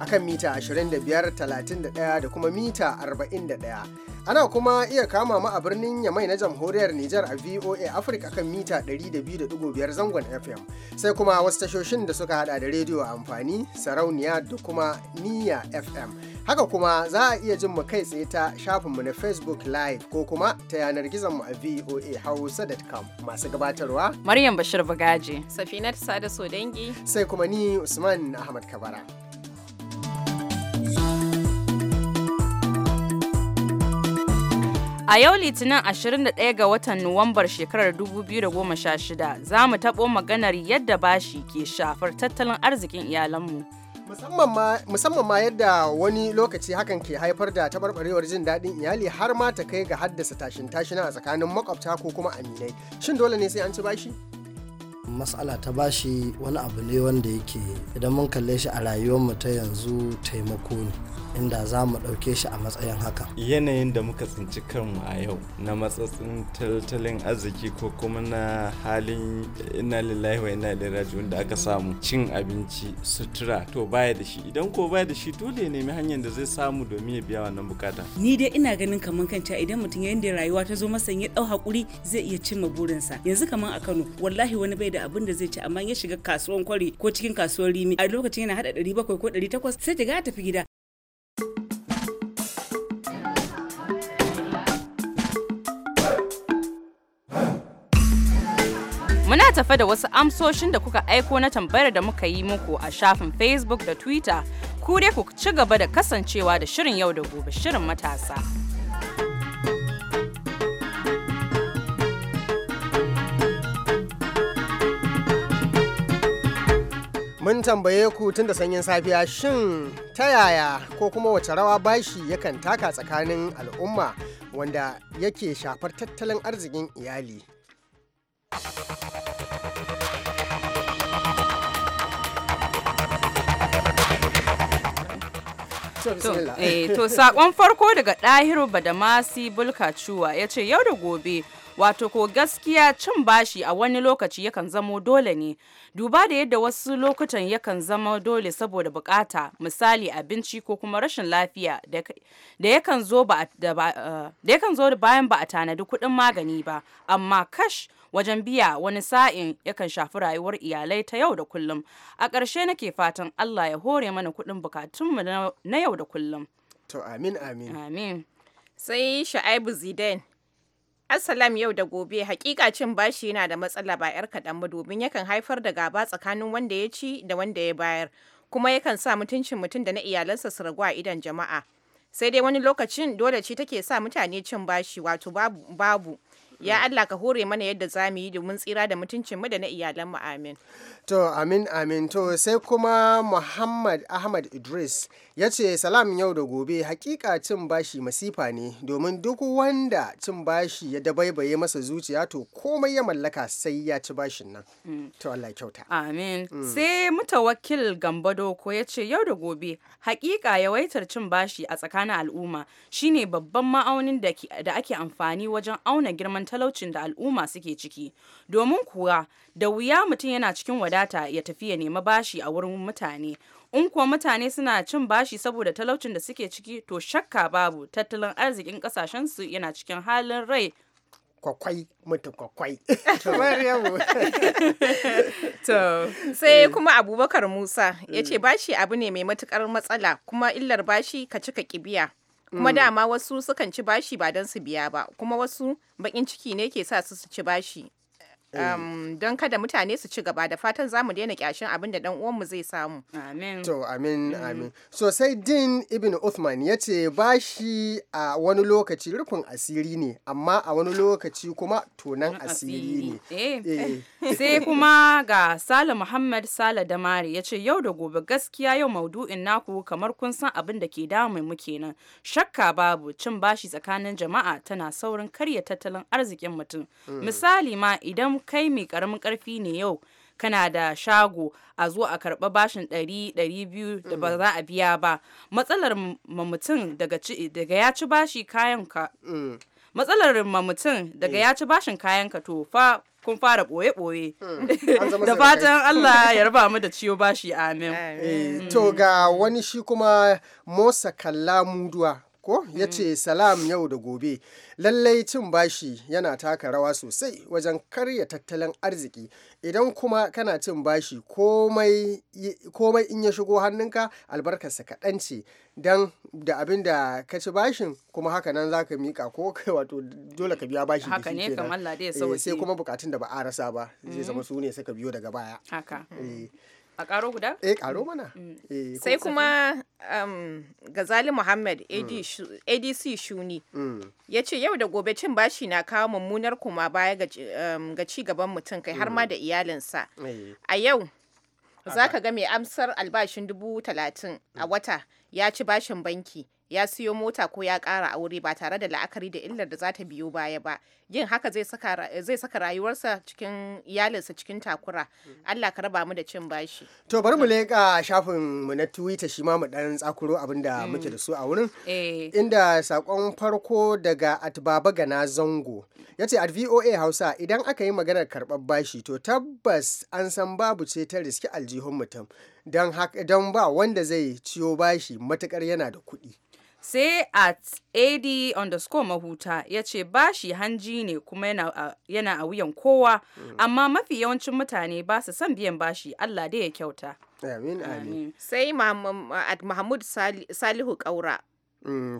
akan mita 25, 31 da kuma mita 41. ana kuma iya kama mu a birnin yamai na jamhuriyar Nijar a VOA Africa kan mita 200.5 zangon FM sai kuma wasu tashoshin da suka hada da rediyo amfani sarauniya da kuma niya FM haka kuma za a iya jin mu kai tsaye ta shafinmu na Facebook live ko kuma ta yanar gizon mu a VOA Hausa.com masu gabatarwa Maryam Bashir Bagaji Safinat Sada Sodangi sai kuma ni Usman Ahmad Kabara A yau Litinin 21 ga watan Nuwambar shekarar 2016 za mu taɓo maganar yadda bashi ke shafar tattalin arzikin iyalanmu. Musamman ma yadda wani lokaci hakan ke haifar da tabarbarewar jin daɗin iyali har ma ta kai ga haddasa tashin tashina a tsakanin makwabta ko kuma aminai. Shin dole ne sai an ci bashi? matsala ta bashi wani abu ne wanda yake idan mun kalle shi a rayuwarmu ta yanzu taimako ne inda za mu ɗauke shi a matsayin haka yanayin da muka tsinci kanmu a yau na matsatsin tattalin arziki ko kuma na halin ina lillahi wa ina ilaihi da aka samu cin abinci sutura to baya da shi idan ko baya da shi dole ya nemi hanyar da zai samu domin ya biya wannan bukata ni dai ina ganin kaman kanta idan mutum yayin da rayuwa ta zo masa ya dau hakuri zai iya cimma burinsa yanzu kaman a Kano wallahi wani bai da abin da zai ci amma ya shiga kasuwan kwari ko cikin kasuwar rimi a lokacin yana hada 700 ko 800 sai ta ga tafi gida Muna tafe da wasu amsoshin da kuka aiko na tambayar da muka yi muku a shafin Facebook da Twitter. Ku dai ku ci gaba da kasancewa da shirin yau da gobe shirin matasa. mun tambaye ku tun da sanyin safiya shin ta yaya ko kuma wace rawa bashi yakan taka tsakanin al'umma wanda yake shafar tattalin arzikin iyali. To eh, sakon farko daga ɗahiru Badamasi Bulkacuwa ya ce yau da gobe wato ko gaskiya cin bashi a wani lokaci yakan zamo dole ne duba da yadda wasu lokutan yakan zama dole saboda bukata misali abinci ko kuma rashin lafiya eh, da yakan zo bayan ba a tanadi kuɗin magani ba amma kash wajen biya wani sa'in yakan shafi rayuwar iyalai ta yau da kullum a ƙarshe nake fatan allah ya hore mana kuɗin bukatunmu na yau da kullum to amin amin amin sai sha'ibu zidane Assalam yau da gobe hakika cin bashi yana da matsala ba 'yar kaɗan ba domin yakan haifar da gaba tsakanin wanda ya ci da wanda ya bayar kuma yakan sa mutuncin mutum da na iyalansa su ragu a idon jama'a sai dai wani lokacin dole ce take sa mutane cin bashi wato babu babu Ya mm. Allah ka hore mana yadda za mu yi domin tsira da mutuncin mu da na iyalan mu amin. To amin amin to sai kuma Muhammad Ahmad Idris ya ce salam yau da gobe hakika cin bashi masifa ne domin duk wanda cin bashi ya dabaibaye masa zuciya to komai ya mallaka sai ya ci bashin nan. Mm. To Allah kyauta. Amin. Mm. Sai mutawakil Gambado ko ya ce yau da gobe hakika yawaitar cin bashi a tsakanin al'umma shine babban ma'aunin da ake amfani wajen auna girman talaucin da al'umma suke ciki. Domin kuwa da wuya mutum yana cikin wadata ya tafi ya nema bashi a wurin mutane in kuwa mutane suna cin bashi saboda talaucin da suke ciki to shakka babu tattalin arzikin kasashen su yana cikin halin rai kwakwai mutu kwakwai. to sai eh. kuma abubakar musa ya ce eh. bashi abu ne mai matukar matsala kuma illar bashi ka cika kibiya kuma mm. dama wasu sukan ci bashi ba don su biya ba kuma wasu bakin ciki ne ke sa su ci bashi Eh. don kada mutane su ci gaba da fatan za mu daina kyashin abin da dan uwanmu zai samu. Amin. To amin mm-hmm. amin. So sai Din Ibn Uthman ya ce ba shi a wani lokaci rufin asiri ne amma a wani lokaci kuma tonan asiri ne. Eh. Eh. Sai kuma ga Sale Muhammad Sale Damari ya ce yau da gobe gaskiya yau maudu'in naku kamar kun san abin da ke damun mu kenan. Shakka babu cin bashi tsakanin jama'a tana saurin karya tattalin arzikin mutum. Mm. Misali ma idan kai mai karamin karfi ne yau kana da shago a zo a karɓa bashin ɗari ɗari biyu da ba mm. za a biya ba matsalar ma mutum daga ya ci bashi kayan ka mm. matsalar ma mutum daga mm. ya ci bashin kayan ka to fa kun fara ɓoye-ɓoye da fatan Allah ya raba mu da ciyo bashi amin eh, to ga wani shi kuma Mosa Kalla Muduwa ko ya ce mm. salam yau da gobe lallai cin bashi yana taka rawa sosai wajen karya tattalin arziki idan kuma kana cin bashi komai in ya shigo hannunka albarkarsa kaɗan ce don da abin da ka ci bashin kuma haka nan za ka mika ko kai wato dole ka biya bashi haka ne kamar eh, sai kuma bukatun da ba a rasa ba zai zama mm. su ne suka biyo daga baya haka eh. a karo guda? eh karo mana mm, mm. Eh, sai kuma um, gazali muhammad adc mm. shuni ya ce yau da gobe cin bashi na kawo mummunar kuma baya um, ga ci gaban mutum kai har ma da iyalinsa eh. a yau za ka ga mai amsar albashin dubu talatin a wata ya ci bashin banki ya siyo mota ko ya ƙara aure ba tare da la'akari da illar da za ta biyo baya ba yin haka zai saka rayuwarsa cikin iyalinsa cikin takura Allah ka raba mu da cin bashi to bari mu leƙa shafin mu na twitter shi ma mu dan tsakuro abinda muke mm. da su a wurin eh. inda sakon farko daga atbaba gana zango ya ce at voa hausa idan aka yi maganar karɓar bashi to tabbas an san babu ce ta riski aljihun mutum don ba wanda zai ciyo bashi matukar yana da kuɗi sai at ad underscore mahuta ya ce bashi hanji ne kuma yana a wuyan kowa mm. amma mafi yawancin mutane ba su son biyan bashi allah dai ya kyauta sai mahmud salihu kaura mm,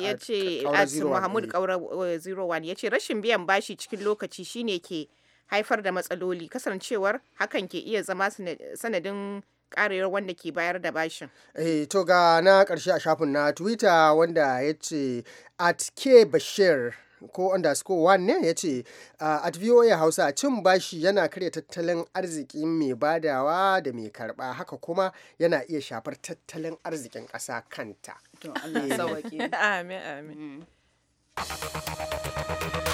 ya ce mahmud kaura 01 eh, ya ce rashin biyan bashi cikin lokaci shine ke haifar da matsaloli kasancewar hakan ke iya zama sanadin karewar wanda ke bayar da bashin. Eh, to ga na karshe a shafin na Twitter wanda ya ce at K Bashir ko underscore one ne ya ce at voa hausa cin bashi yana karya tattalin arziki mai badawa da mai karba haka kuma yana iya shafar tattalin arzikin ƙasa kanta. To Allah eh. amin amin. Mm.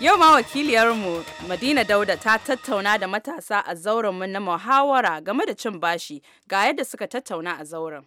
Yau ma wakiliyarmu Madina Dauda ta tattauna da matasa a zaurenmu na muhawara game da cin bashi ga yadda suka tattauna a zauren.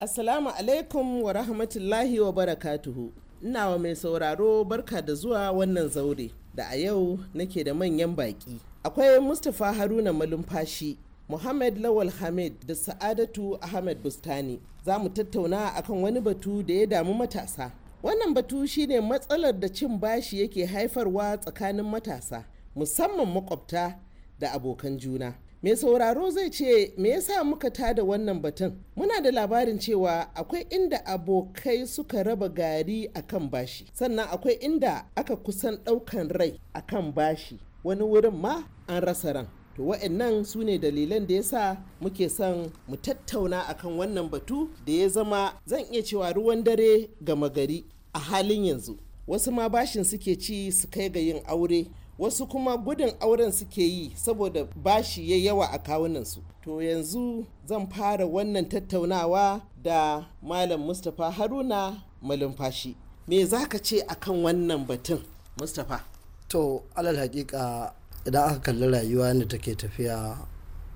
Assalamu alaikum wa rahmatullahi wa barakatuhu. Ina wa mai sauraro barka da zuwa wannan zaure da a yau nake da manyan baƙi. Akwai Mustapha Haruna Malumfashi, Muhammad Lawal Hamid da Sa'adatu Ahmed Bustani. Za mu tattauna akan wani batu da ya damu matasa. wannan batu shine matsalar da cin bashi yake haifarwa tsakanin matasa musamman makwabta da abokan juna mai sauraro zai ce me yasa muka tada wannan batun muna da labarin cewa akwai inda abokai suka raba gari akan bashi sannan akwai inda aka kusan ɗaukan rai akan bashi wani wurin ma an rasa ran to wa'annan su ne dalilan da ya sa muke son mu tattauna akan wannan batu da ya zama zan iya cewa ruwan dare gama gari a halin yanzu wasu ma bashin suke ci su kai ga yin aure wasu kuma gudun auren suke yi saboda bashi ya yawa a kawunansu to yanzu zan fara wannan tattaunawa da malam mustapha haruna malumfashi me za ka ce akan wannan batun mustapha to alal hakika idan aka kalli rayuwa ne take tafiya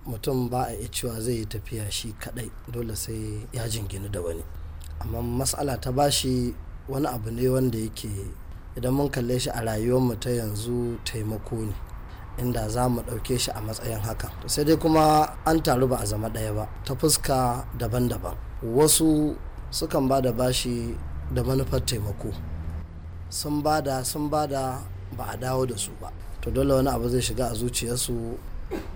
mutum ba a cewa zai yi tafiya shi kadai dole sai ya jingini da wani amma matsala ta bashi wani abu ne wanda yake idan mun kalle shi a rayuwarmu ta yanzu taimako ne inda za mu ɗauke shi a matsayin hakan sai dai kuma an taru ba a zama ɗaya ba ta fuska daban-daban wasu sukan ba da bashi da manufar taimako sun ba sun ba ba a dawo da su ba to dole wani abu zai shiga a zuciyarsu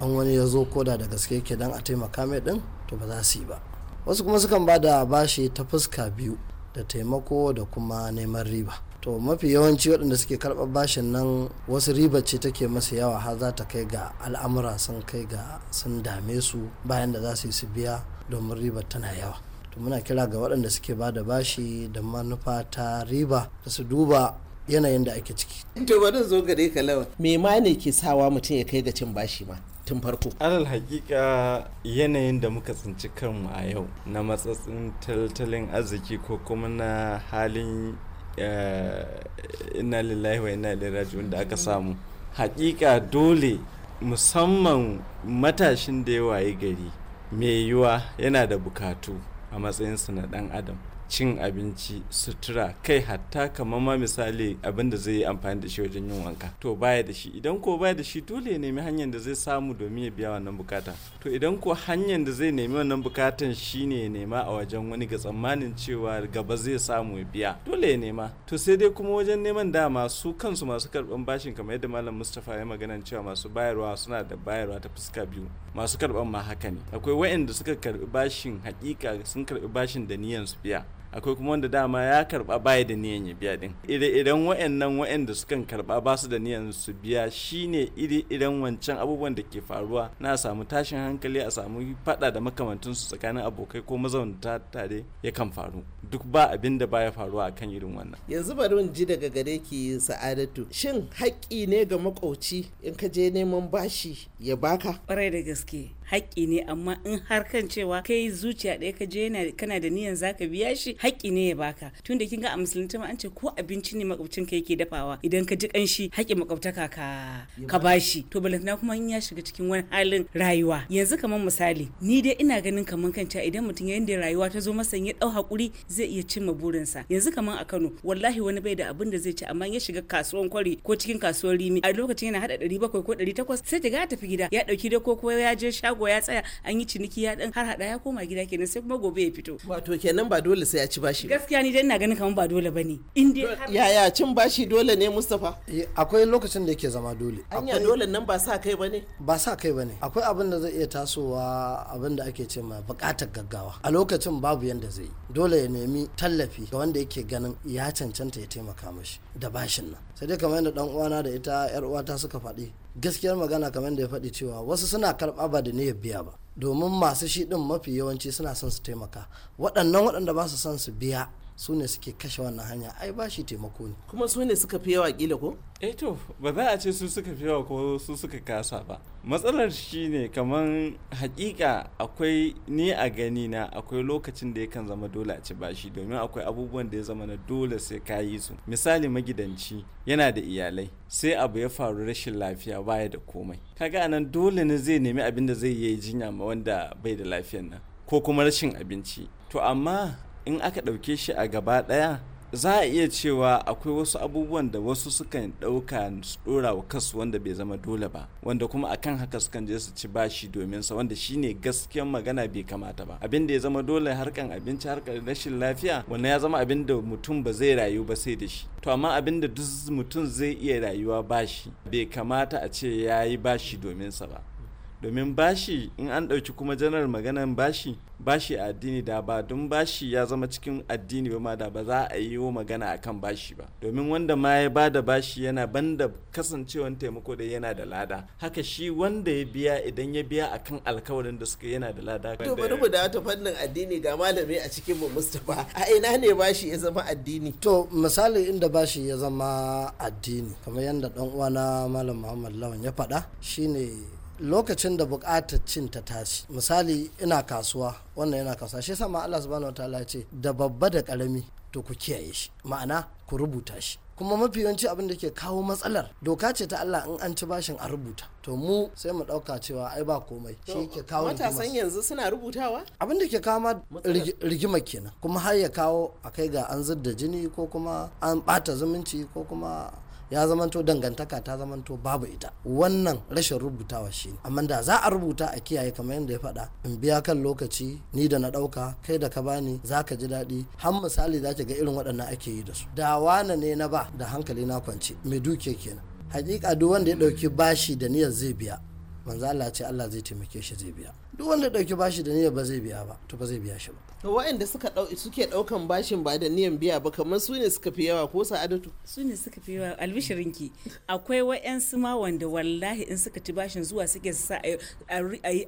an wani ya zo koda da gaske ke don a taimaka mai din to ba za su yi ba wasu kuma sukan ba da bashi ta fuska biyu da taimako da kuma neman riba to mafi yawanci waɗanda suke karɓar bashin nan wasu riba ce take masa yawa har za ta kai ga al'amura sun kai ga sun dame su bayan da za su yi su biya domin riba tana yawa to muna kira ga waɗanda suke ba da bashi da manufa ta riba da su duba yanayin da ake ciki. To zan zo gare ka lawan. Me ma ne ke sawa mutum ya kai ga cin bashi ma tun farko? Alal hakika yanayin da muka tsinci kanmu a yau na matsatsin tattalin arziki ko kuma na halin eh, ina lillahi wa ina ilaihi raji'un da aka samu. Hakika dole musamman matashin da ya waye gari mai yiwa yana da bukatu a matsayinsa na dan adam cin abinci sutura kai hatta kamar ma misali abin da zai yi amfani da shi wajen yin wanka to baya da shi idan ko baya da shi dole ya nemi hanyar da zai samu domin ya biya wannan bukata to idan ko hanyar da zai nemi wannan bukatan shine ya nema a wajen wani ga tsammanin cewa gaba zai samu ya biya dole ya nema to sai dai kuma wajen neman dama su kansu masu karban bashin kamar yadda malam mustapha ya magana cewa masu bayarwa suna da bayarwa ta fuska biyu masu karban ma haka ne akwai wa'anda suka karbi bashin hakika sun karbi bashin da niyan su biya akwai kuma wanda dama ya karba baya da niyan ya biya din ire-iren wa'annan wa'anda sukan karba ba su da niyan su biya shine ire idan wancan abubuwan da ke faruwa na samu tashin hankali a samu fada da makamantunsu tsakanin abokai ko mazaunta tare ya kan faru duk ba abin da baya faruwa akan irin wannan yanzu bari in ji daga gare ki sa'adatu shin haƙƙi ne ga makoci in ka je neman bashi ya baka ƙwarai da gaske haƙƙi ne amma in har kan cewa kai zuciya ɗaya ka je kana da niyan zaka biya shi haƙƙi ne ya baka tun da kin ga a musulunta ma an ce ko abinci ne makwabcin ka yake dafawa idan ka ji ƙanshi haƙƙin makwabtaka ka ka shi to balantana kuma in ya shiga cikin wani halin rayuwa yanzu kamar misali ni dai ina ganin kamar kan cewa idan mutum yayin da rayuwa ta zo masa ya ɗau haƙuri zai iya cimma burinsa yanzu kamar a Kano wallahi wani bai da abin da zai ci amma ya shiga kasuwan kwari ko cikin kasuwar rimi a lokacin yana hada bakwai ko takwas sai ta ga tafi gida ya ɗauki da ko ya je sha shago ya tsaya an yi ciniki ya dan har hada ya koma gida kenan sai kuma gobe ya fito wato kenan ba dole sai a ci bashi gaskiya ni dan na ganin kamar ba dole bane in dai yaya cin bashi dole ne mustafa. Eh, akwai lokacin da yake zama dole anya dole nan ba sa kai bane ba sa kai bane akwai abin da zai iya tasowa abin da ake ce ma bukatar gaggawa a lokacin babu yanda zai dole ya nemi tallafi ga wanda yake ganin ya cancanta ya taimaka mashi da bashin nan sai dai kamar yadda dan uwana da ita yar uwata suka faɗi gaskiyar magana kamar da ya faɗi cewa wasu suna karɓa ba da ne biya ba domin masu shi ɗin mafi yawanci suna son su taimaka waɗannan waɗanda ba su son su biya su ne suke kashe wannan hanya ai ba shi taimako ne kuma su ne suka fi yawa kila ko eh to ba za a ce su suka fi yawa ko su suka kasa ba matsalar shi ne kamar hakika akwai ni a gani na akwai lokacin da yakan zama dole a ci bashi domin akwai abubuwan da ya zama na dole sai ka yi su misali magidanci yana da iyalai sai abu ya faru rashin lafiya baya da komai kaga anan dole ne zai nemi abin da zai yi jinya ma wanda bai da lafiyan nan ko kuma rashin abinci to amma in aka ɗauke shi a gaba ɗaya za a iya cewa akwai wasu abubuwan da wasu sukan ɗauka su ɗora wa kasu wanda bai zama dole ba wanda kuma akan haka sukan je su ci bashi domin sa wanda shine gaskiyan magana bai kamata ba abin da ya zama dole harkan abinci harkar rashin lafiya wannan ya zama abin da mutum ba zai rayu ba sai da shi to amma abin da duk mutum zai iya rayuwa bashi bai kamata a ce ya yi bashi domin sa ba domin bashi in an ɗauki kuma janar maganar bashi bashi a addini da ba don bashi ya zama cikin addini ba ma da ba za a yi magana a kan bashi ba domin wanda ma ya bada bashi yana banda kasancewan taimako da yana da lada haka shi wanda ya biya idan ya biya a kan alkawarin da suka yana da lada to bari mu da ta fannin addini ga malami a cikin mu Mustapha a ina ne bashi ya zama addini to misali inda bashi ya zama addini kamar yadda dan uwa na malam Muhammad Lawan ya faɗa shine lokacin da bukatar cin ta tashi misali ina kasuwa wannan yana kasuwa shi sama Allah subhanahu wataala ya ce da babba da karami to ku kiyaye shi ma'ana ku rubuta shi kuma mafi yawanci abin da ke kawo matsalar doka ce ta Allah in an ci bashin a rubuta to mu sai mu dauka cewa ai ba komai shi ke kawo matasan yanzu suna rubutawa abin da ke kawo ma rigima kenan kuma har ya kawo akai ga an zidda jini ko kuma an bata zumunci ko kuma ya zamanto dangantaka ta zamanto babu ita wannan rashin rubutawa shi amma da za a rubuta a kiyaye kamar yadda ya faɗa in biya kan lokaci ni da na ɗauka kai da ka bani za ka ji daɗi har misali za ga irin waɗannan ake yi da su da wane ne na ba da hankali na kwance mai duke kenan hakika duk wanda ya ɗauki bashi da niyyar zai biya manzo Allah ce Allah zai taimake shi zai biya duk wanda dauki bashi da niyyar ba zai biya ba to ba zai biya shi ba wa'anda suka suke daukan bashin ba da niyyar biya ba kamar su ne suka fi yawa ko sa'adatu su ne suka fi yawa albishirinki akwai wa'yansu ma wanda wallahi in suka ci bashin zuwa suke sa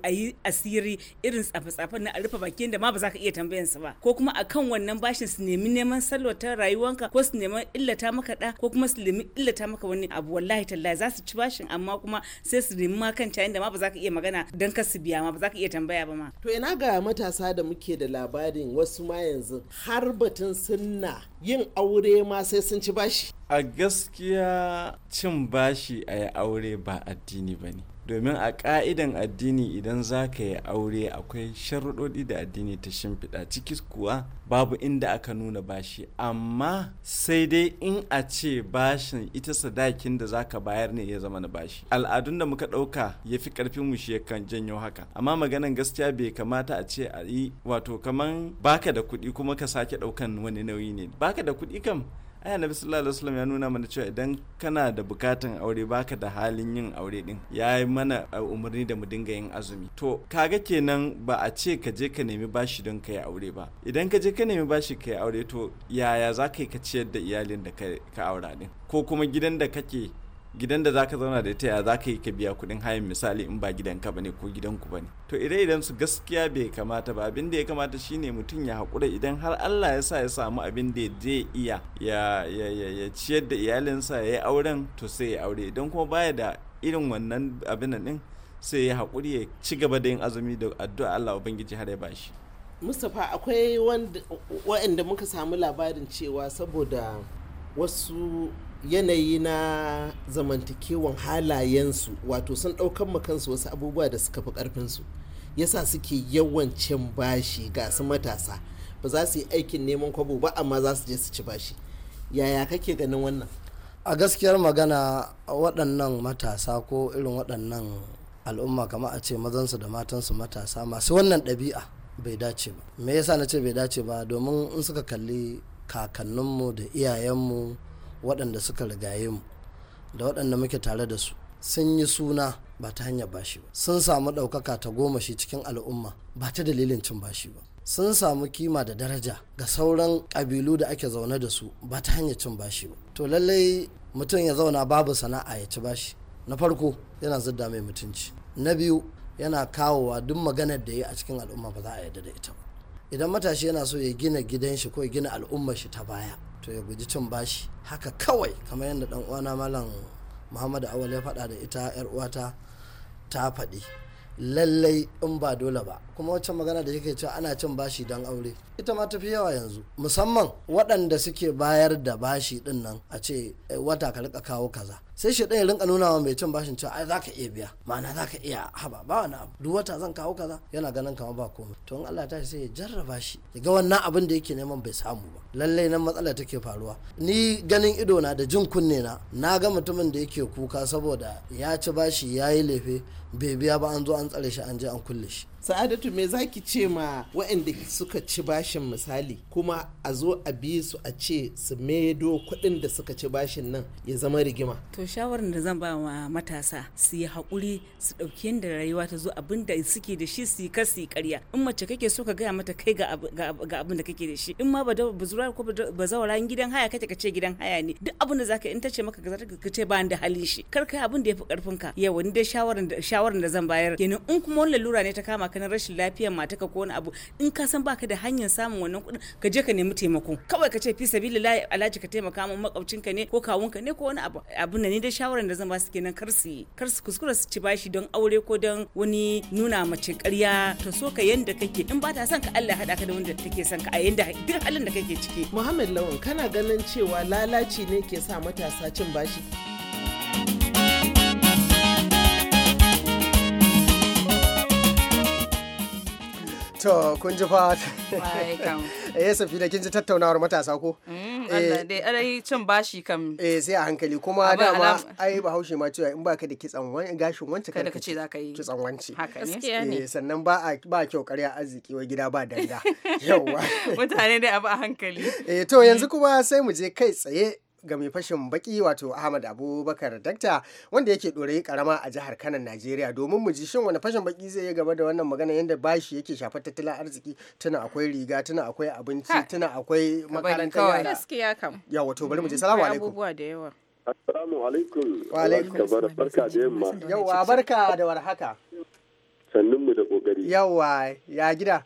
a yi asiri irin tsafe-tsafen na a rufe baki da ma ba za ka iya tambayan su ba ko kuma akan wannan bashin su nemi neman sallota rayuwanka ko su nemi illata maka da ko kuma su nemi illata maka wani abu wallahi tallahi za su ci bashin amma kuma sai su nemi ma kan inda ma ba za ka iya magana dan ka su biya ma ba za ka ka iya tambaya ba ma to ina ga matasa da muke da labarin wasu ma yanzu har batun sunna yin aure ma sai sun ci bashi a gaskiya cin bashi a yi aure ba addini ba ne domin a ka'idan addini idan za ka yi aure akwai sharuɗoɗi da addini ta shimfiɗa ciki kuwa babu inda aka nuna bashi amma sai dai in a ce bashin ita sadakin da za ka bayar ne ya zama na bashi al'adun da muka ɗauka ya fi ƙarfin mu shi kan janyo haka amma maganan gaskiya bai kamata a ce a yi wato kaman baka da kuɗi kuma ka sake ɗaukan wani nauyi ne baka da kuɗi kam Aya na sallallahu alaihi wasallam ya nuna mana cewa idan kana da bukatan aure baka da halin yin aure din ya yi mana umarni da mu dinga yin azumi to kaga kenan ba a ce ka je ka nemi bashi don ka yi aure ba idan ka je ka nemi bashi ka yi aure to yaya za ka yi ka ciyar da iyalin da ka aura din ko kuma gidan da kake gidan da zaka zauna da ita ya zaka yi ka biya kuɗin hayan misali in ba gidan gidanka bane ko gidan ku bane to ire idan su gaskiya bai kamata ba abin da ya kamata shine mutum ya haƙura idan har Allah ya sa ya samu abin da zai iya ya ya ciyar da iyalinsa ya yi auren to sai ya aure idan kuma baya da irin wannan abin nan din sai ya haƙuri ya ci gaba da yin azumi da addu'a Allah ubangiji har ya bashi Mustapha akwai waɗanda muka samu labarin cewa saboda wasu yanayi na zamantakewan halayensu wato sun ɗaukan kansu wasu abubuwa da suka fi ƙarfinsu yasa suke yawan cin bashi ga su matasa ba za su yi aikin neman kwabo ba amma za su je su ci bashi yaya kake ganin wannan a gaskiyar magana waɗannan matasa ko irin waɗannan al'umma kama a ce mazansu da matansu matasa masu wannan ɗabi'a bai dace ba me yasa na ce bai dace ba domin in suka kalli kakanninmu da iyayenmu waɗanda suka rigaye mu da waɗanda muke tare da su sun yi suna ba ta hanyar bashi ba sun samu ɗaukaka ta goma shi cikin al'umma ba ta dalilin cin bashi ba sun samu kima da daraja ga sauran ƙabilu da ake zaune da su ba ta hanyar cin bashi ba to lallai mutum ya zauna babu sana'a ya ci bashi na farko yana zidda mai mutunci na biyu yana kawowa duk maganar da ya a cikin al'umma ba za a yarda da ita ba idan matashi yana so ya gina gidan shi ko ya gina al'ummar shi ta baya to ya guji cin bashi haka kawai kamar yadda dan uwana malam muhammadu awal ya faɗa da ita yar uwata ta faɗi lallai in ba dole ba kuma wacce magana da yake cewa ana cin bashi don aure ita ma tafi yawa yanzu musamman waɗanda suke bayar da bashi ɗin nan a ce eh, wata ka kawo kaza sai shi ɗaya rinka nuna wa mai cin bashin cewa ai za ka iya biya ma'ana za ka iya haba ba wani abu duk wata zan kawo kaza yana ganin kama ba komai to in Allah ta sai ya jarraba shi ya ga wannan abin da yake neman bai samu ba lallai nan matsala take faruwa ni ganin ido na da jin kunne na na ga mutumin da yake kuka saboda ya ci bashi ya yi lefe bai biya ba an zo an tsare shi an je an kulle shi sa'adatu me za ki ce ma waɗanda suka ci bashin misali kuma a zo a bi su a ce su maido kuɗin da suka ci bashin nan ya zama rigima to shawarar da zan ba wa matasa su yi haƙuri su ɗauki yadda rayuwa ta zo abin da suke da shi su yi kar su yi ƙarya in mace kake so ka gaya mata kai ga abin da kake da shi in ma ba bazura ko ba zawara gidan haya kake ka ce gidan haya ne duk abin da zaka in ta ce maka ka ce ba da halin shi kar kai abin da yafi fi ka yau ni dai shawarar da zan bayar kenan in kuma wannan lura ne ta kama ka na rashin lafiyar mataka ko wani abu in ka san baka da hanyar samun wannan kuɗin ka je ka nemi taimako kawai ka ce fi sabilillahi alhaji ka taimaka min ka ne ko kawunka ne ko wani abu abun da ni da shawaran da zan ba su kenan kar su kar su kuskura su ci bashi don aure ko don wani nuna mace ƙarya ta so ka yanda kake in ba ta son ka Allah haɗa ka da wanda take son ka a yanda duk halin da kake ciki Muhammad Lawan kana ganin cewa lalaci ne ke sa matasa cin bashi To kun ji fa. Eh safi da kin ji tattaunawar matasa ko? Mm, eh. Allah dai arai cin bashi kam. Eh sai a hankali kuma dama ai bahaushe ma cewa in ba ka da kitsan wani gashin wanci kada ka ce za ka yi kitsan wanci. Haka ne. Eh sannan ba a ba kyau ƙarya arziki wa gida ba danda. Yawwa. Mutane dai abu a hankali. Eh to yanzu kuma sai mu je kai tsaye ga mai fashin baki wato Ahmad Abubakar Dakta wanda yake ɗorayi karama a jihar Kano Najeriya domin mu ji shin wani fashin baki zai yi gaba da wannan magana yadda bashi yake shafar tattalin arziki tuna akwai riga tuna akwai abinci tuna akwai makaranta ya Gaskiya kam. Ya wato bari mu ji mm, salamu alaikum. Abubuwa da yawa. Assalamu alaikum. Wa alaikum. Barka da yamma. Yawwa barka da warhaka. Sannun mu da kokari. Yawwa ya gida.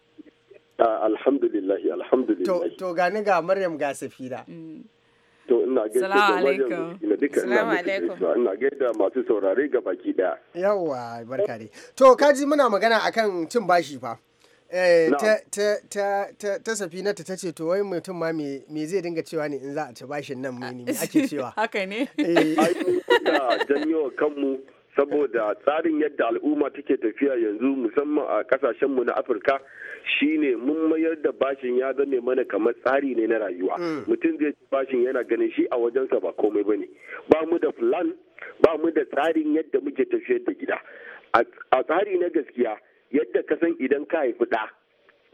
alhamdulillah. alhamdulillah. To gani ga Maryam ga Safira. Mm. To ina gaida da ina ina gaida masu saurare ga baki daya. Yawwa barka dai. To kaji muna magana akan cin bashi fa. Eh, ta ta ta ta ta ta ce to wai mutum ma me zai dinga cewa ne in za a ci bashin nan mai ne ake cewa haka ne eh janyo kanmu saboda tsarin yadda al'umma take tafiya yanzu musamman a kasashenmu na afirka shine mun mayar da bashin ya zame mana kamar tsari ne na rayuwa mm. mutum zai ci bashin yana ganin shi a wajensa ba komai bane ba mu da plan ba mu da tsarin yadda muke tafiyar da gida a tsari na gaskiya yadda ka san idan ka haifi ɗa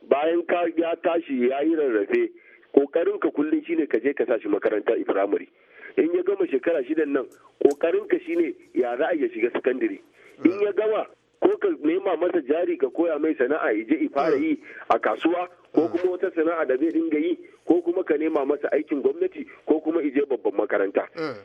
bayan ka ya tashi ya yi rarrafe kokarin ka kullum shine ka je ka sa shi makarantar firamare in ya gama shekara shidan nan kokarin ka shine ya za ya shiga sakandare in ya gama ko ka nema masa jari ka koya mai sana'a ya je fara yi a kasuwa ko kuma wata sana'a da zai dinga yi ko kuma ka nema masa aikin gwamnati ko kuma ije babban makaranta eh.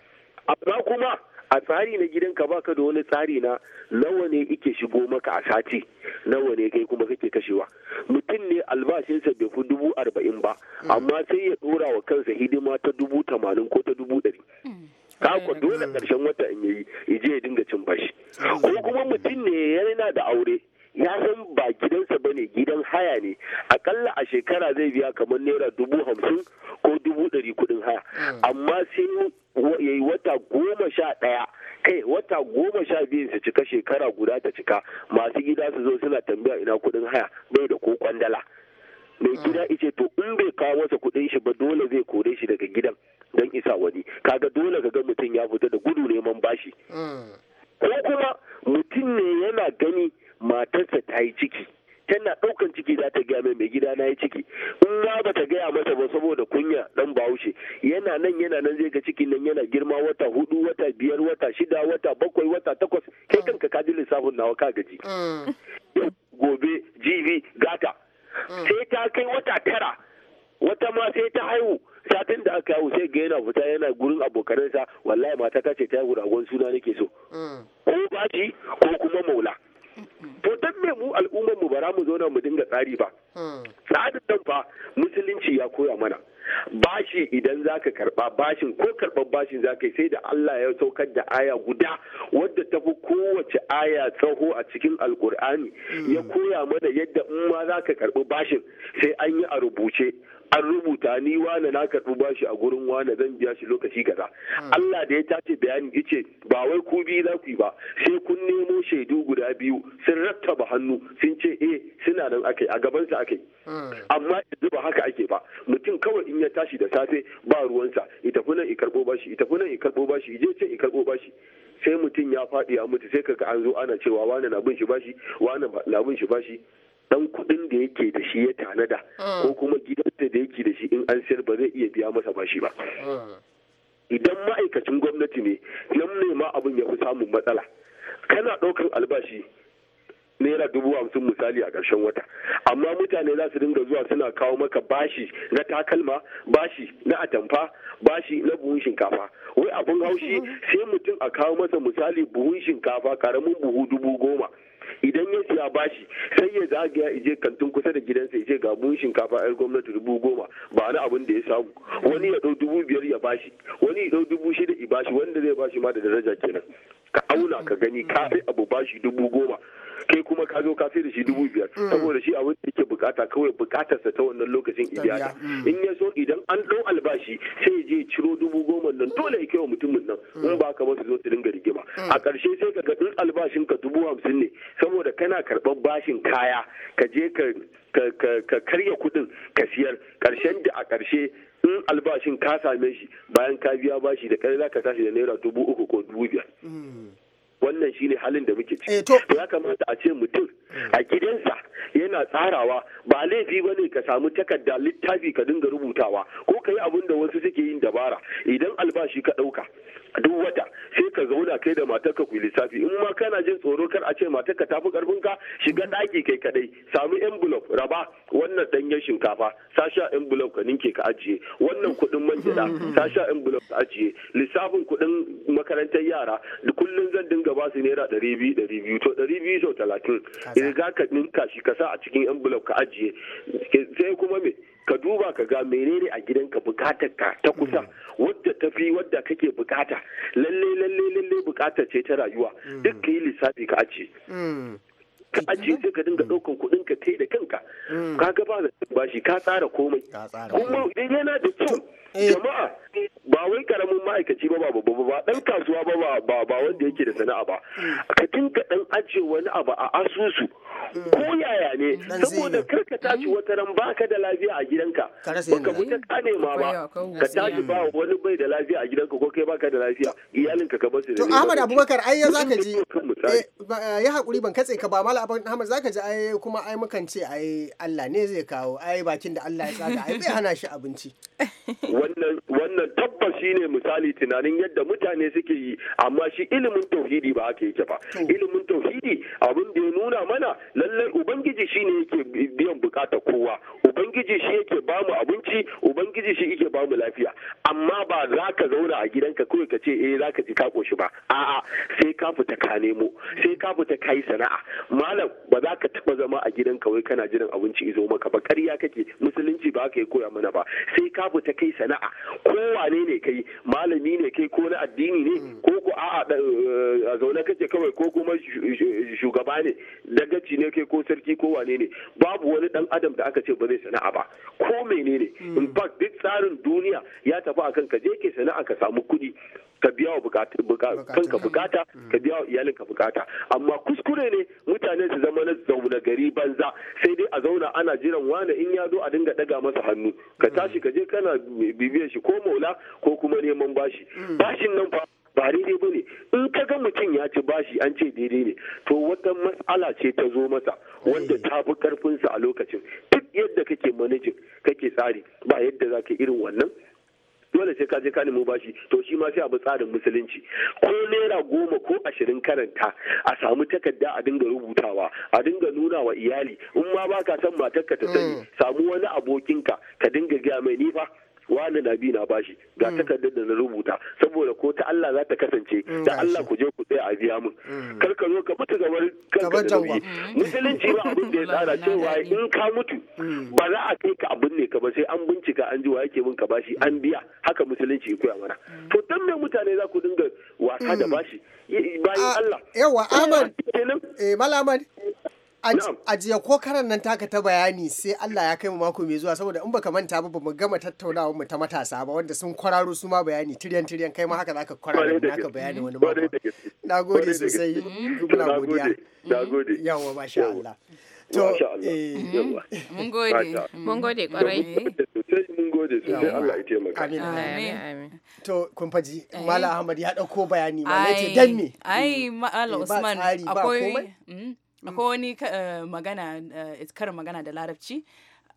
amma kuma a tsari na gidanka baka da wani tsari na nawa ne ike shigo maka a sati nawa ne kai kuma kake kashewa mutum ne albashinsa bai fi dubu arba'in ba amma sai ya dora wa kansa hidima ta dubu tamanin ko ta dubu ɗari hmm. kako dole ƙarshen wata in yi ije ya dinga cin bashi hmm. ko kuma mutum ne yana da aure ya san ba gidansa ba ne gidan haya ne akalla a shekara zai biya kamar naira dubu hamsin ko dubu ɗari kuɗin haya hmm. amma sai ya yi wata goma sha ɗaya kai wata goma sha biyun su cika shekara guda ta cika masu gida su zo suna tambaya ina kuɗin haya bai da ko kwandala mai hmm. gida ice to in bai kawo masa kuɗin shi ba dole zai kore shi daga gidan don isa wani kaga dole ka ga mutum ya fita da gudu neman bashi hmm. ko kuma mutum ne yana gani matarsa ta yi ciki tana ɗaukan ciki za ta gaya mai mai gida na yi ciki in ma ba ta gaya masa ba saboda kunya dan bahaushe yana nan yana nan zai ga cikin nan yana girma wata hudu wata biyar wata shida wata bakwai wata takwas kai mm. kanka ka ji lissafin nawa ka gaji mm. gobe jibi gata mm. sai ta kai wata tara wata ma sai ta haihu satin da aka haihu sai ga yana fita yana gurin abokanansa wallahi mata ta ce ta yi ragon suna nake so ko baji ko kuma maula to dan me mu al'ummar mu bara mu zauna mu dinga tsari ba hmm. tsarin nan fa musulunci ya koya mana bashi idan zaka karba bashin ko karban bashin zaka yi sai da Allah ya saukar da aya guda wadda ta fi kowace aya tsaho a cikin alkur'ani hmm. ya koya mana yadda in ma zaka karbi bashin sai an yi a rubuce an rubuta ni wane na karɓi bashi a gurin wane zan biya shi lokaci kaza hmm. Allah da ya tace bayani yace ba wai ku bi za ku yi ba sai kun nemo shaidu guda biyu sun rattaba hannu sun ce eh suna nan akai a gaban sa akai hmm. amma yanzu ba haka ake ba mutum kawai in ya tashi da safe ba ruwansa ya tafi nan ya karɓo bashi ya tafi nan ya karɓo bashi ya je ce ya karɓo bashi sai mutum ya faɗi ya mutu sai kaga an zo ana cewa wane na bin shi bashi wane na bin shi bashi dan kuɗin da yake da shi ya tanada ko hmm. kuma gidansa da yake da shi in an sayar ba zai iya biya masa bashi ba hmm. idan ma'aikacin gwamnati ne nan ne ma abin ya fi samun matsala kana ɗaukar albashi naira dubu hamsin misali a ƙarshen wata amma mutane za su dinga zuwa suna kawo maka bashi na takalma bashi na atamfa bashi na buhun shinkafa wai abin haushi sai mutum a kawo masa misali buhun shinkafa karamin buhu dubu goma idan ya siya bashi sai ya zagaya ije kantin kusa da gidansa ya ce ga buhun shinkafa yar gwamnati dubu goma ba na abin da ya samu wani ya dau dubu biyar ya bashi wani ya dau dubu shida ya bashi wanda zai bashi ma da daraja kenan ka auna ka gani ka abu bashi dubu goma kai kuma ka zo ka sai da shi dubu biyar mm. saboda shi abin da yake bukata kawai bukatarsa ta wannan lokacin idiyata mm. in ya so idan an dau albashi sai ya je ya ciro dubu goma nan dole ya kai wa mutumin nan in mm. ba ka su zo su dinga rigima a ƙarshe sai ka ga ɗin albashin ka dubu hamsin ne saboda kana karɓar bashin kaya ka je ka karya kudin ka siyar karshen da a karshe in albashin ka same shi bayan ka biya bashi da kare za ka tashi da naira dubu uku ko dubu biyar. wannan shine halin da muke ciki eh, to ya kamata a ce mutum a gidansa yana tsarawa ba laifi ba ne ka samu takarda littafi ka dinga rubutawa ko ka yi abin da wasu suke yin dabara idan albashi ka ɗauka duk wata ka zauna kai da matarka ku lissafi in ma kana jin tsoro kar a ce matarka tafi karfin ka shiga daki kai kadai samu envelope raba wannan danyen shinkafa sasha envelope ka ninke ka ajiye wannan kudin man gida sasha envelope ka ajiye lissafin kudin makarantar yara da kullun zan dinga ba su naira 200 biyu ɗari biyu to ɗari biyu sau ka ninka shi ka sa a cikin envelope ka ajiye sai kuma me ka duba ka ga menene a gidanka bukatar ka ta kusa mm. wadda ta fi wadda kake bukata lalle lalle lalle bukatar ce ta rayuwa mm. duk ka yi lissafi ka ajiye mm. ka ajiye sai ka dinga ɗaukan kuɗin ka kai da kanka ka ga ba da bashi ka tsara komai kuma idan yana da kyau eh. jama'a ba wai karamin ma'aikaci ba ba ba ba dan kasuwa ba ba ba wanda yake da sana'a ba ka dinga dan ajiye wani abu a asusu ko yaya ne saboda karka tashi wata ran baka da lafiya a gidanka baka wuta kane ma ba ka tashi ba wani bai da lafiya a gidanka ko kai baka da lafiya iyalinka ka basu da to Ahmad Abubakar ai ya zaka ji eh, eh, ya hakuri ban katse ka ba mala Ahmad zaka ji ai kuma ai mukan ce ai Allah ne zai kawo ai bakin da Allah ya tsaka ai bai hana shi abinci wannan wannan tabbas shine misali tunanin yadda mutane suke yi amma shi ilimin tauhidi ba haka yake ba ilimin tauhidi abin da ya nuna mana lallai ubangiji shi ne yake biyan bukata kowa ubangiji shi yake ba mu abinci ubangiji shi yake ba mu lafiya amma ba za ka zauna a gidanka kawai ka ce eh za ka ji kako shi ba a'a sai ka fita ka nemo sai ka fita ka yi sana'a malam ba za ka taba zama a gidanka wai kana jiran abinci izo maka ba ƙarya kake musulunci ba ka yi koya mana ba sai ka fita kai sana'a kowane ne kai malami ne kai ko na addini ne ko ko a'a eh, a zaune kake kawai ko kuma shugaba ne dagaci ne sarki ko sarki ko wane ne babu wani dan adam da aka ce ba zai sana'a ba ko menene hmm. in fact duk tsarin duniya ya tafi akan ka je ke sana'a ka samu kudi ka biya wa kanka bukata hmm. ka biya wa iyalinka bukata amma kuskure ne mutane su zama na zauna gari banza sai dai a zauna ana jiran wani in ya zo a dinga daga masa hannu ka hmm. tashi ka je kana bibiyar shi ko maula ko kuma neman bashi bashin nan fa ba daidai ba ne in ka ga mutum ya ci bashi an ce daidai ne to wata matsala ce ta zo masa wanda ta fi karfinsa a lokacin duk yadda kake manajin kake tsari ba yadda za ka irin wannan dole sai ka je ka nemi bashi to shi ma sai a bi tsarin musulunci ko naira goma ko ashirin karanta a samu takarda a dinga rubutawa a dinga nuna wa iyali in ma baka son matarka ta sani mm. samu wani abokinka ka dinga gaya mai ni fa wani na bi na bashi ga mm. takardar da na rubuta saboda ko ta Allah za ta kasance mm. da Allah ku je ku tsaya a biya mun mm. kar ka zo ka mutu kan ka da nauyi musulunci ba abin da ya tsara cewa in ka mutu ba za a kai ka abin ne ka ba sai an bincika an ji wa yake mun ka bashi an biya haka musulunci ya koya mana to dan me mutane za ku dinga wasa da bashi bayan ah, Allah yawa Ahmad eh malaman ajiya ko karan nan taka ta bayani sai Allah ya kai mu mako mai zuwa saboda in baka manta ba mu gama tattaunawar mu ta matasa ba wanda sun kwararo su ma bayani tiryan tiryan kai ma haka zaka kwararo naka bayani wani mako nagode sosai muna godiya nagode mm-hmm. yawa masha Allah to eh. mun gode mun gode kwarai Allah ya taimaka amin amin to kun faji eh. mala ahmad ya dauko bayani ma ne ce dan me ai mm. mala eh, usman akwai Makoni mm. wani eh, magana it's eh, karin magana da larabci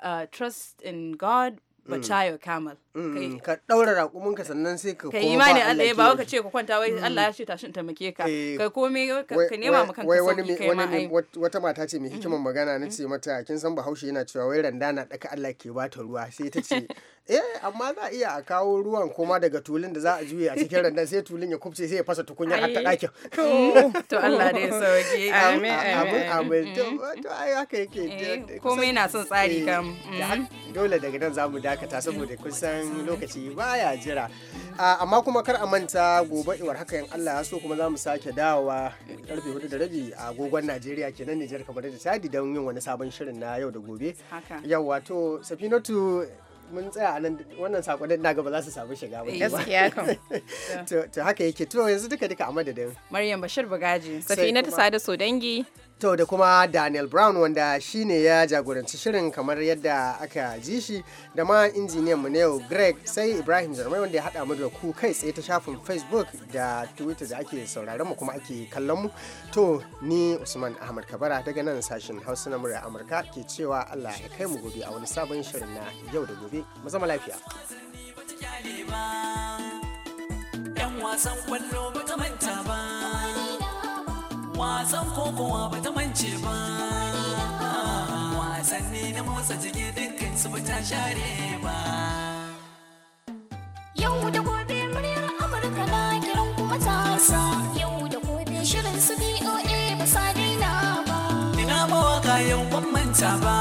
eh, trust in god Mm. chayo kamal mm, ka daura raƙuminka sannan sai ka koma imani Allah ya ba ka ce ka kwanta wai mm. Allah ya ce tashin muke ka eh, kai komai ka nema ma kanka sauki kai ma ai wata mata ce mai hikimar mm-hmm. magana na mm-hmm. ce mata kin san Bahaushe yana cewa wai randa na daka Allah ke bata ruwa sai ta ce eh amma za a iya a kawo ruwan koma daga tulun da za a juye a cikin randan sai tulun ya kubce sai ya fasa tukunya har ta ɗakin to Allah da ya sauke amin amin amin to mm-hmm. ai haka yake eh, komai na son tsari eh, kam dole daga nan za mu dace dakata saboda kusan lokaci baya jira ah, amma kuma kar a manta gobe iwar haka yan Allah ya so kuma za mu sake dawowa karfe hudu da rabi a agogon Najeriya kenan Nijar kamar da Chadi don yin wani sabon shirin na yau da gobe yau wato Safinatu mun tsaya a nan wannan sakonin na gaba za su samu shiga ba. Eh, gaskiya kan. To haka yake to yanzu duka duka a madadin. Maryam Bashir Bagaji, safinatu ta sada Sodangi. to da kuma daniel brown wanda shine ya jagoranci shirin kamar yadda aka ji shi da ma injiniyan mu yau greg sai ibrahim jarmai wanda ya hada mu da ku kai tsaye ta shafin facebook da twitter da ake sauraron mu kuma ake kallon mu to ni usman ahmad kabara daga nan sashen hausa na murya amurka ke cewa allah ya kai mu gobe a wani sabon shirin na yau da gobe mu lafiya yan wasan kwallo ba ta manta ba wasan kokowa ba ta mance ba wasanni na motsa jiki dukkan su ba ta share ba yau da gobe muryar amurka na kiran kuma tasa yau da gobe shirin su boa ba sa daina ba ina mawaka yau ban ba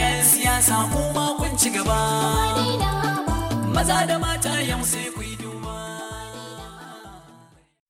yan siyasa kuma kun ci gaba maza da mata yau sai ku